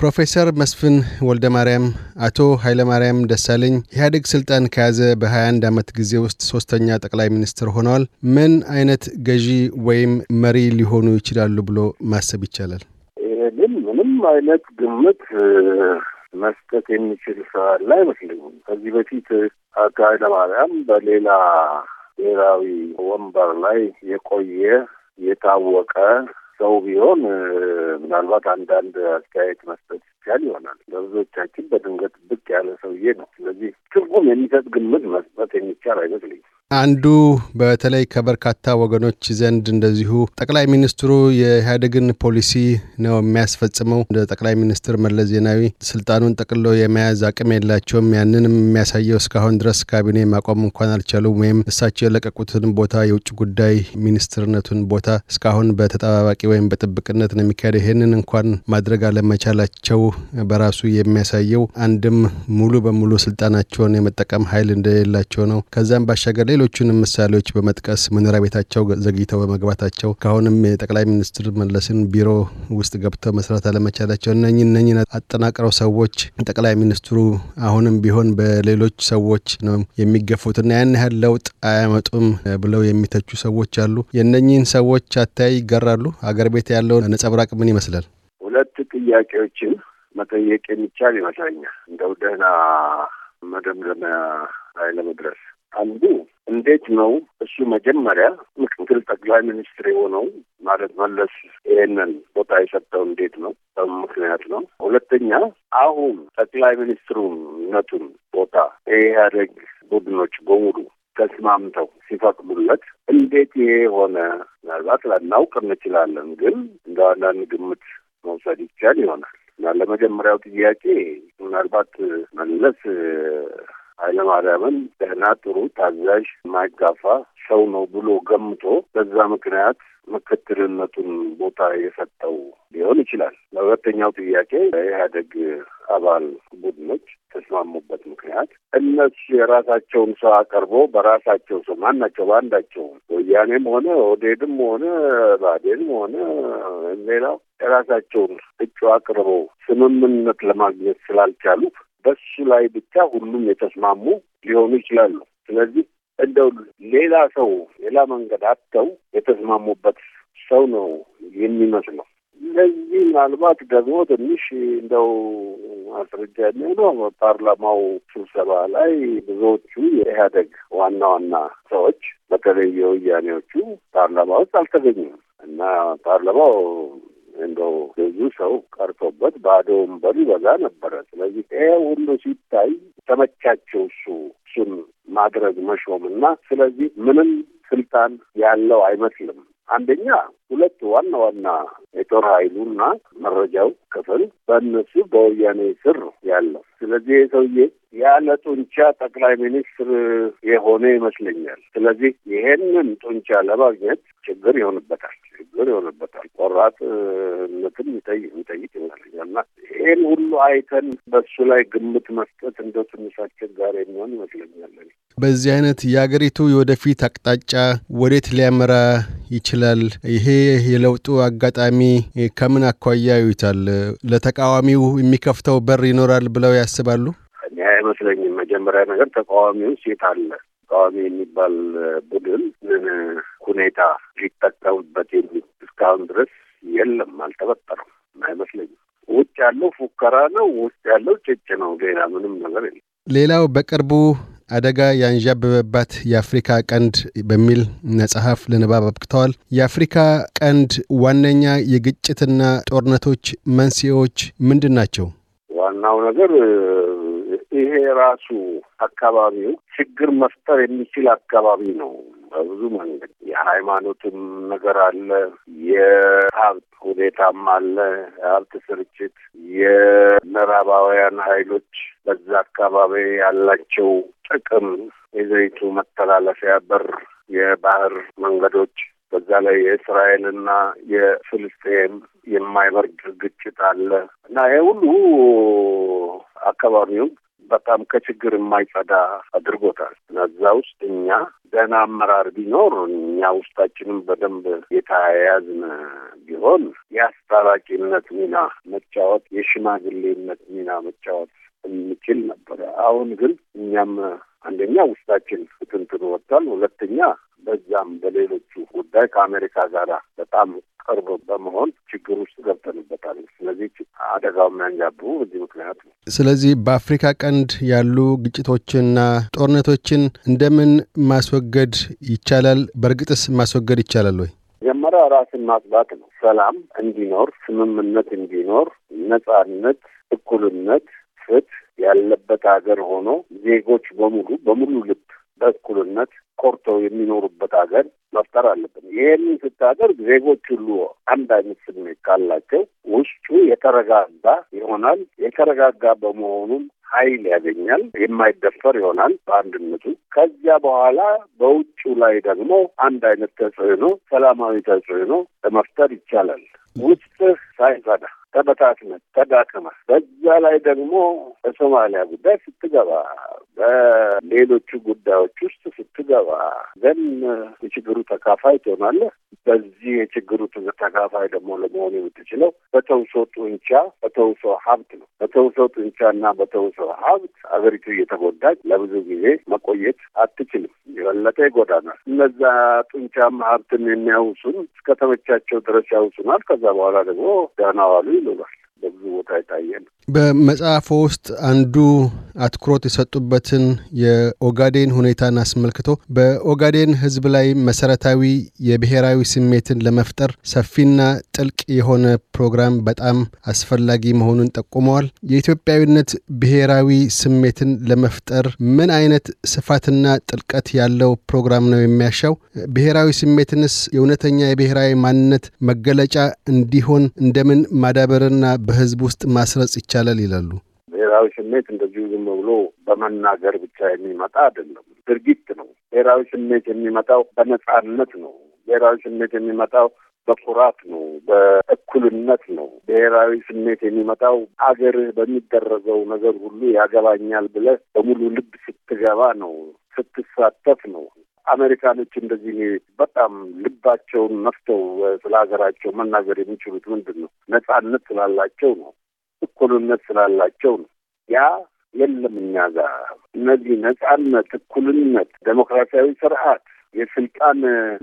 ፕሮፌሰር መስፍን ወልደ ማርያም፣ አቶ ኃይለማርያም ደሳለኝ ኢህአዴግ ስልጣን ከያዘ በ21 ዓመት ጊዜ ውስጥ ሶስተኛ ጠቅላይ ሚኒስትር ሆነዋል። ምን አይነት ገዢ ወይም መሪ ሊሆኑ ይችላሉ ብሎ ማሰብ ይቻላል? ይሄ ግን ምንም አይነት ግምት መስጠት የሚችል ሰው ያለ አይመስለኝም። ከዚህ በፊት አቶ ኃይለማርያም በሌላ ብሔራዊ ወንበር ላይ የቆየ የታወቀ ሰው ቢሆን ምናልባት አንዳንድ አስተያየት መስጠት ይቻል ይሆናል። ለብዙዎቻችን በድንገት ብቅ ያለ ሰውዬ ነው። ስለዚህ ትርጉም የሚሰጥ ግምት መስጠት የሚቻል አይመስልኝም። አንዱ በተለይ ከበርካታ ወገኖች ዘንድ እንደዚሁ ጠቅላይ ሚኒስትሩ የኢህአዴግን ፖሊሲ ነው የሚያስፈጽመው። እንደ ጠቅላይ ሚኒስትር መለስ ዜናዊ ስልጣኑን ጠቅሎ የመያዝ አቅም የላቸውም። ያንንም የሚያሳየው እስካሁን ድረስ ካቢኔ ማቋም እንኳን አልቻሉም። ወይም እሳቸው የለቀቁትን ቦታ የውጭ ጉዳይ ሚኒስትርነቱን ቦታ እስካሁን በተጠባባቂ ወይም በጥብቅነት ነው የሚካሄደው። ይህንን እንኳን ማድረግ አለመቻላቸው በራሱ የሚያሳየው አንድም ሙሉ በሙሉ ስልጣናቸውን የመጠቀም ኃይል እንደሌላቸው ነው። ከዚያም ባሻገር ሌሎቹንም ምሳሌዎች በመጥቀስ መኖሪያ ቤታቸው ዘግይተው በመግባታቸው ከአሁንም የጠቅላይ ሚኒስትር መለስን ቢሮ ውስጥ ገብተው መስራት አለመቻላቸው እነኝህ እነኝህ አጠናቅረው ሰዎች ጠቅላይ ሚኒስትሩ አሁንም ቢሆን በሌሎች ሰዎች ነው የሚገፉትና ያን ያህል ለውጥ አያመጡም ብለው የሚተቹ ሰዎች አሉ። የእነኝህን ሰዎች አታይ ይገራሉ። አገር ቤት ያለውን ነጸብራቅ ምን ይመስላል? ሁለት ጥያቄዎችን መጠየቅ የሚቻል ይመስለኛል። እንደው ደህና መደምደሚያ ላይ ለመድረስ አንዱ እንዴት ነው እሱ መጀመሪያ ምክትል ጠቅላይ ሚኒስትር የሆነው ማለት መለስ ይሄንን ቦታ የሰጠው እንዴት ነው? ምክንያት ነው። ሁለተኛ አሁን ጠቅላይ ሚኒስትሩነቱን ቦታ የኢህአደግ ቡድኖች በሙሉ ተስማምተው ሲፈቅዱለት እንዴት ይሄ የሆነ ምናልባት ላናውቅ እንችላለን፣ ግን እንደ አንዳንድ ግምት መውሰድ ይቻል ይሆናል። እና ለመጀመሪያው ጥያቄ ምናልባት መለስ ኃይለማርያምን ደህና፣ ጥሩ፣ ታዛዥ፣ ማይጋፋ ሰው ነው ብሎ ገምቶ በዛ ምክንያት ምክትልነቱን ቦታ የሰጠው ሊሆን ይችላል። ለሁለተኛው ጥያቄ የኢህአዴግ አባል ቡድኖች ተስማሙበት ምክንያት እነሱ የራሳቸውን ሰው አቀርቦ በራሳቸው ሰው ማናቸው በአንዳቸው ወያኔም ሆነ ኦዴድም ሆነ ባዴንም ሆነ ሌላው የራሳቸውን እጩ አቅርበው ስምምነት ለማግኘት ስላልቻሉ በሱ ላይ ብቻ ሁሉም የተስማሙ ሊሆኑ ይችላሉ። ስለዚህ እንደው ሌላ ሰው ሌላ መንገድ አጥተው የተስማሙበት ሰው ነው የሚመስለው። እነዚህ ምናልባት ደግሞ ትንሽ እንደው ማስረጃ የሚሆነው ፓርላማው ስብሰባ ላይ ብዙዎቹ የኢህአደግ ዋና ዋና ሰዎች በተለይ የወያኔዎቹ ፓርላማ ውስጥ አልተገኙም እና ፓርላማው እንደው ብዙ ሰው ቀርቶበት ባዶውን ይበዛ ነበረ። ስለዚህ ይሄ ሁሉ ሲታይ ተመቻቸው እሱ እሱን ማድረግ እና ስለዚህ ምንም ስልጣን ያለው አይመስልም። አንደኛ ሁለት ዋና ዋና የጦር ኃይሉና መረጃው ክፍል በእነሱ በወያኔ ስር ያለው። ስለዚህ የሰውዬ ያለ ጡንቻ ጠቅላይ ሚኒስትር የሆነ ይመስለኛል። ስለዚህ ይሄንን ጡንቻ ለማግኘት ችግር ይሆንበታል። ቁጥጥር ይሆንበታል። ቆራጥነትን ይጠይቅ ይመስለኛል እና ይህን ሁሉ አይተን በሱ ላይ ግምት መስጠት እንደ ትንሽ አስቸጋሪ የሚሆን ይመስለኛል። በዚህ አይነት የአገሪቱ የወደፊት አቅጣጫ ወዴት ሊያመራ ይችላል? ይሄ የለውጡ አጋጣሚ ከምን አኳያ ይዩታል? ለተቃዋሚው የሚከፍተው በር ይኖራል ብለው ያስባሉ? እኔ አይመስለኝም። መጀመሪያ ነገር ተቃዋሚው ሴት አለ ተቃዋሚ የሚባል ቡድን ምን ሁኔታ ሊጠቀምበት የሚ እስካሁን ድረስ የለም፣ አልተፈጠረም፣ አይመስለኝም። ውጭ ያለው ፉከራ ነው፣ ውስጥ ያለው ጭጭ ነው። ሌላ ምንም ነገር የለም። ሌላው በቅርቡ አደጋ ያንዣበበባት የአፍሪካ ቀንድ በሚል መጽሐፍ ለንባብ አብቅተዋል። የአፍሪካ ቀንድ ዋነኛ የግጭትና ጦርነቶች መንስኤዎች ምንድን ናቸው? ዋናው ነገር ይሄ ራሱ አካባቢው ችግር መፍጠር የሚችል አካባቢ ነው። በብዙ መንገድ የሃይማኖትም ነገር አለ፣ የሀብት ሁኔታም አለ፣ የሀብት ስርጭት፣ የምዕራባውያን ኃይሎች በዛ አካባቢ ያላቸው ጥቅም፣ የዘይቱ መተላለፊያ በር፣ የባህር መንገዶች በዛ ላይ የእስራኤልና የፍልስጤም የማይበርድ ግጭት አለ እና ይሄ ሁሉ አካባቢውን በጣም ከችግር የማይጸዳ አድርጎታል እና እዛ ውስጥ እኛ ደህና አመራር ቢኖር እኛ ውስጣችንም በደንብ የተያያዝን ቢሆን የአስታራቂነት ሚና መጫወት፣ የሽማግሌነት ሚና መጫወት እንችል ነበረ። አሁን ግን እኛም አንደኛ ውስጣችን ትንትን ወጥቷል፣ ሁለተኛ በዛም በሌሎቹ ጉዳይ ከአሜሪካ ጋር በጣም ቅርብ በመሆን ችግር ውስጥ ገብተንበታል። ስለዚህ አደጋው የሚያንጃቡ በዚህ ምክንያት ነው። ስለዚህ በአፍሪካ ቀንድ ያሉ ግጭቶችና ጦርነቶችን እንደምን ማስወገድ ይቻላል? በእርግጥስ ማስወገድ ይቻላል ወይ? መጀመሪያ ራስን ማጥባት ነው። ሰላም እንዲኖር፣ ስምምነት እንዲኖር፣ ነጻነት፣ እኩልነት፣ ፍትህ ያለበት ሀገር ሆኖ ዜጎች በሙሉ በሙሉ ልብ በእኩልነት ቆርተው የሚኖሩበት ሀገር መፍጠር አለብን። ይህንን ስታደርግ ዜጎች ሁሉ አንድ አይነት ስሜት ካላቸው ውስጡ የተረጋጋ ይሆናል። የተረጋጋ በመሆኑም ኃይል ያገኛል። የማይደፈር ይሆናል በአንድነቱ። ከዚያ በኋላ በውጩ ላይ ደግሞ አንድ አይነት ተጽዕኖ፣ ሰላማዊ ተጽዕኖ ለመፍጠር ይቻላል ውስጥህ ሳይፈዳ ተበታትነ ተዳከመ። በዛ ላይ ደግሞ በሶማሊያ ጉዳይ ስትገባ፣ በሌሎቹ ጉዳዮች ውስጥ ስትገባ ዘን የችግሩ ተካፋይ ትሆናለህ። በዚህ የችግሩ ተካፋይ ደግሞ ለመሆን የምትችለው በተውሶ ጡንቻ፣ በተውሶ ሀብት ነው። በተውሶ ጡንቻና በተውሶ ሀብት አገሪቱ እየተጎዳች ለብዙ ጊዜ መቆየት አትችልም። የበለጠ ይጎዳናል። እነዛ ጡንቻም ሀብትን የሚያውሱን እስከተመቻቸው ድረስ ያውሱናል። ከዛ በኋላ ደግሞ ደህና ዋሉ ይሉናል። በብዙ ቦታ የታየ ነው። በመጽሐፎ ውስጥ አንዱ አትኩሮት የሰጡበትን የኦጋዴን ሁኔታን አስመልክቶ በኦጋዴን ሕዝብ ላይ መሰረታዊ የብሔራዊ ስሜትን ለመፍጠር ሰፊና ጥልቅ የሆነ ፕሮግራም በጣም አስፈላጊ መሆኑን ጠቁመዋል። የኢትዮጵያዊነት ብሔራዊ ስሜትን ለመፍጠር ምን አይነት ስፋትና ጥልቀት ያለው ፕሮግራም ነው የሚያሻው? ብሔራዊ ስሜትንስ የእውነተኛ የብሔራዊ ማንነት መገለጫ እንዲሆን እንደምን ማዳበርና በሕዝብ ውስጥ ማስረጽ ይቻላል? ይቻላል ይላሉ። ብሔራዊ ስሜት እንደዚሁ ዝም ብሎ በመናገር ብቻ የሚመጣ አይደለም፣ ድርጊት ነው። ብሔራዊ ስሜት የሚመጣው በነጻነት ነው። ብሔራዊ ስሜት የሚመጣው በኩራት ነው። በእኩልነት ነው። ብሔራዊ ስሜት የሚመጣው አገርህ በሚደረገው ነገር ሁሉ ያገባኛል ብለህ በሙሉ ልብ ስትገባ ነው፣ ስትሳተፍ ነው። አሜሪካኖች እንደዚህ በጣም ልባቸውን መፍተው ስለ ሀገራቸው መናገር የሚችሉት ምንድን ነው? ነጻነት ስላላቸው ነው። እኩልነት ስላላቸው ነው። ያ የለም እኛ ጋር። እነዚህ ነጻነት፣ እኩልነት፣ ዴሞክራሲያዊ ስርዓት፣ የስልጣን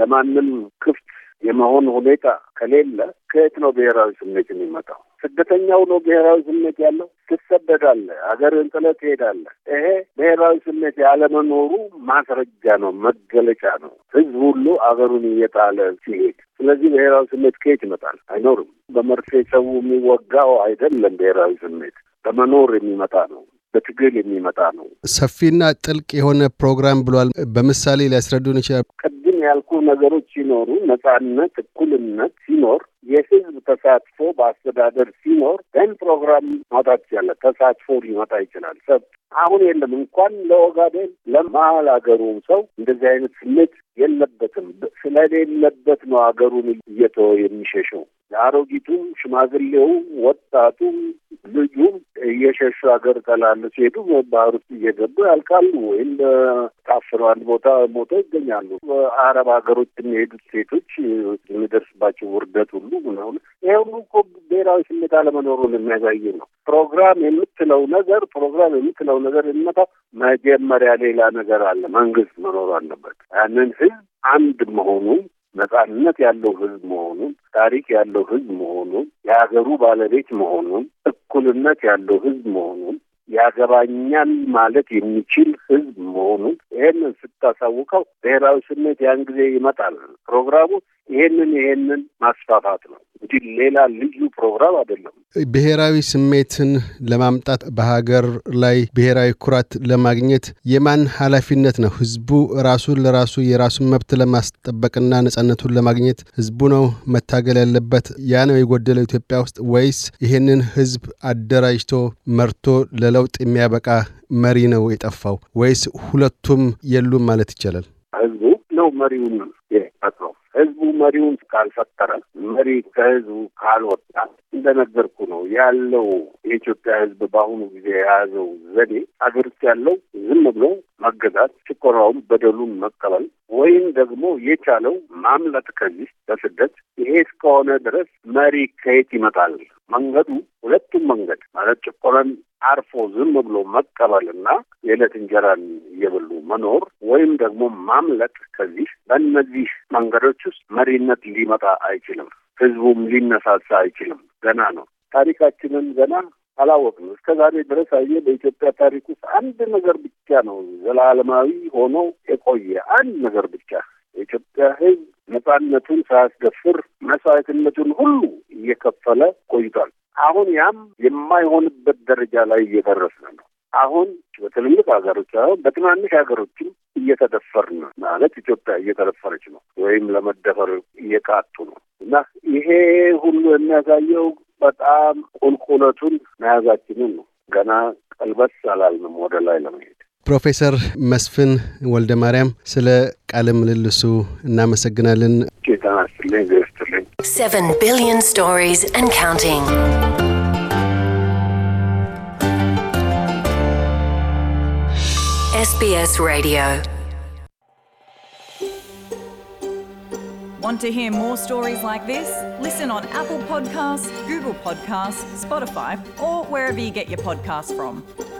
ለማንም ክፍት የመሆን ሁኔታ ከሌለ ከየት ነው ብሔራዊ ስሜት የሚመጣው? ስደተኛው ነው ብሔራዊ ስሜት ያለው ትሰደዳለህ፣ አገርህን ጥለህ ትሄዳለህ። ይሄ ብሔራዊ ስሜት ያለመኖሩ ማስረጃ ነው፣ መገለጫ ነው። ህዝብ ሁሉ አገሩን እየጣለ ሲሄድ ስለዚህ ብሔራዊ ስሜት ከየት ይመጣል? አይኖርም። በመርፌ ሰው የሚወጋው አይደለም። ብሔራዊ ስሜት በመኖር የሚመጣ ነው በትግል የሚመጣ ነው። ሰፊና ጥልቅ የሆነ ፕሮግራም ብሏል። በምሳሌ ሊያስረዱን ይችላል? ያልኩ ነገሮች ሲኖሩ፣ ነጻነት፣ እኩልነት ሲኖር፣ የህዝብ ተሳትፎ በአስተዳደር ሲኖር ደን ፕሮግራም ማውጣት ይቻላል። ተሳትፎ ሊመጣ ይችላል። ሰብ አሁን የለም። እንኳን ለኦጋዴን ለመሀል አገሩም ሰው እንደዚህ አይነት ስሜት የለበትም። ስለሌለበት ነው አገሩን እየተወ የሚሸሸው። ለአሮጊቱም፣ ሽማግሌውም፣ ወጣቱም ልጁም እየሸሹ ሀገር ጠላል ሲሄዱ ባህር ውስጥ እየገቡ ያልቃሉ ወይም ታፍነው አንድ ቦታ ሞቶ ይገኛሉ። በአረብ ሀገሮች የሚሄዱት ሴቶች የሚደርስባቸው ውርደት ሁሉ ምናምን ይህ ሁሉ እኮ ብሔራዊ ስሜት አለመኖሩን የሚያሳይ ነው። ፕሮግራም የምትለው ነገር ፕሮግራም የምትለው ነገር የሚመጣው መጀመሪያ ሌላ ነገር አለ። መንግስት መኖሩ አለበት። ያንን ህዝብ አንድ መሆኑን ነጻነት ያለው ህዝብ መሆኑን ታሪክ ያለው ህዝብ መሆኑን የሀገሩ ባለቤት መሆኑን እኩልነት ያለው ህዝብ መሆኑን ያገባኛል ማለት የሚችል ህዝብ መሆኑን ይህንን ስታሳውቀው ብሔራዊ ስሜት ያን ጊዜ ይመጣል። ፕሮግራሙ ይሄንን ይሄንን ማስፋፋት ነው እንጂ ሌላ ልዩ ፕሮግራም አይደለም። ብሔራዊ ስሜትን ለማምጣት በሀገር ላይ ብሔራዊ ኩራት ለማግኘት የማን ኃላፊነት ነው? ህዝቡ ራሱን ለራሱ የራሱን መብት ለማስጠበቅና ነጻነቱን ለማግኘት ህዝቡ ነው መታገል ያለበት። ያ ነው የጎደለው ኢትዮጵያ ውስጥ ወይስ ይሄንን ህዝብ አደራጅቶ መርቶ ለለውጥ የሚያበቃ መሪ ነው የጠፋው? ወይስ ሁለቱም የሉም ማለት ይቻላል? ህዝቡ ነው መሪውን ነው ህዝቡ መሪውን ካልፈጠረ፣ መሪ ከህዝቡ ካልወጣ እንደነገርኩ ነው ያለው የኢትዮጵያ ህዝብ በአሁኑ ጊዜ የያዘው ዘዴ አገር ውስጥ ያለው ዝም ብሎ መገዛት፣ ችኮራውን፣ በደሉን መቀበል ወይም ደግሞ የቻለው ማምለጥ ከዚህ በስደት። ይሄ እስከሆነ ድረስ መሪ ከየት ይመጣል? መንገዱ ሁለቱም መንገድ ማለት ጭቆናን አርፎ ዝም ብሎ መቀበልና የዕለት እንጀራን እየበሉ መኖር ወይም ደግሞ ማምለጥ ከዚህ በእነዚህ መንገዶች ውስጥ መሪነት ሊመጣ አይችልም። ህዝቡም ሊነሳሳ አይችልም። ገና ነው። ታሪካችንን ገና አላወቅም እስከ ዛሬ ድረስ አየ በኢትዮጵያ ታሪክ ውስጥ አንድ ነገር ብቻ ነው ዘላለማዊ ሆኖ የቆየ አንድ ነገር ብቻ የኢትዮጵያ ህዝብ ነፃነቱን ሳያስደፍር መስዋዕትነቱን ሁሉ እየከፈለ ቆይቷል። አሁን ያም የማይሆንበት ደረጃ ላይ እየደረስን ነው። አሁን በትልልቅ ሀገሮች አሁን በትናንሽ ሀገሮችም እየተደፈርን ነው ማለት ኢትዮጵያ እየተደፈረች ነው ወይም ለመደፈር እየቃጡ ነው እና ይሄ ሁሉ የሚያሳየው በጣም ቁልቁለቱን መያዛችንን ነው። ገና ቀልበስ አላልንም ወደ ላይ ለመሄድ። ፕሮፌሰር መስፍን ወልደ ማርያም ስለ ቃለ ምልልሱ እናመሰግናለን። ጌታ ስትልኝ 7 billion stories and counting. SBS Radio. Want to hear more stories like this? Listen on Apple Podcasts, Google Podcasts, Spotify, or wherever you get your podcasts from.